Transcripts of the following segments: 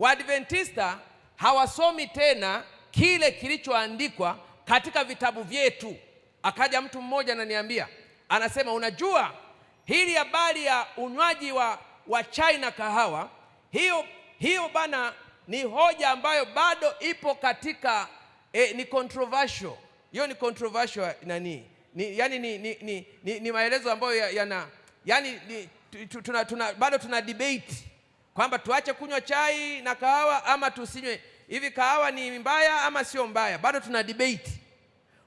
Waadventista hawasomi tena kile kilichoandikwa katika vitabu vyetu. Akaja mtu mmoja ananiambia, anasema unajua, hili habari ya unywaji wa, wa chai na kahawa hiyo, hiyo bana ni hoja ambayo bado ipo katika eh, ni controversial hiyo ni controversial nani ni, yani ni, ni, ni, ni, ni maelezo ambayo yana ya yani ni, tuna, tuna, bado tuna debate kwamba tuache kunywa chai na kahawa ama tusinywe. Hivi kahawa ni mbaya ama sio mbaya? Bado tuna debate,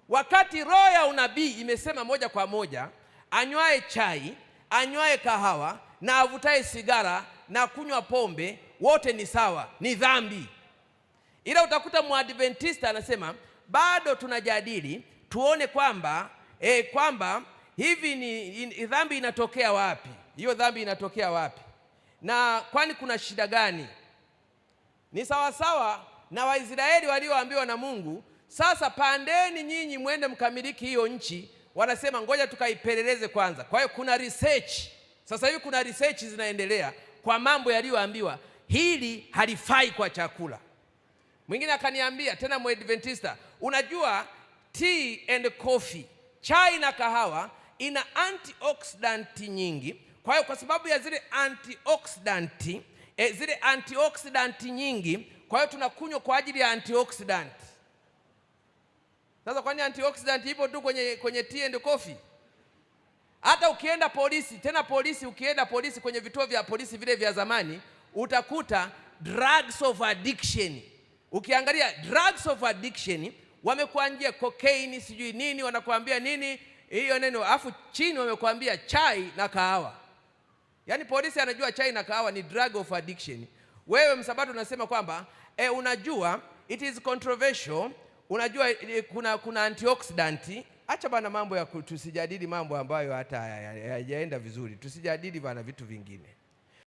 wakati roho ya unabii imesema moja kwa moja, anywae chai, anywae kahawa na avutae sigara na kunywa pombe, wote ni sawa, ni dhambi. Ila utakuta mwadventista anasema bado tunajadili tuone kwamba eh, kwamba hivi ni in, dhambi inatokea wapi? Hiyo dhambi inatokea wapi? na kwani kuna shida gani? Ni sawasawa na Waisraeli walioambiwa na Mungu, sasa pandeni nyinyi mwende mkamiliki hiyo nchi, wanasema ngoja tukaipeleleze kwanza. Kwa hiyo kuna research sasa hivi, kuna research zinaendelea kwa mambo yaliyoambiwa, hili halifai kwa chakula. Mwingine akaniambia tena, Mwadventista, unajua tea and coffee, chai na kahawa ina antioxidant nyingi kwa hiyo kwa sababu ya zile antioxidant e, zile antioxidant nyingi, kwa hiyo tunakunywa kwa ajili ya antioxidant. Sasa kwani antioxidant ipo tu kwenye, kwenye tea and coffee? Hata ukienda polisi tena polisi, ukienda polisi kwenye vituo vya polisi vile vya zamani utakuta drugs of addiction. Ukiangalia drugs of addiction wamekuanjia cocaine sijui nini, wanakuambia nini hiyo neno, afu chini wamekuambia chai na kahawa. Yaani polisi anajua chai na kahawa ni drug of addiction. Wewe msabato unasema kwamba e, unajua it is controversial, unajua e, kuna, kuna antioxidant. Acha bana mambo ya tusijadili mambo ambayo hata hayajaenda vizuri, tusijadili bana vitu vingine.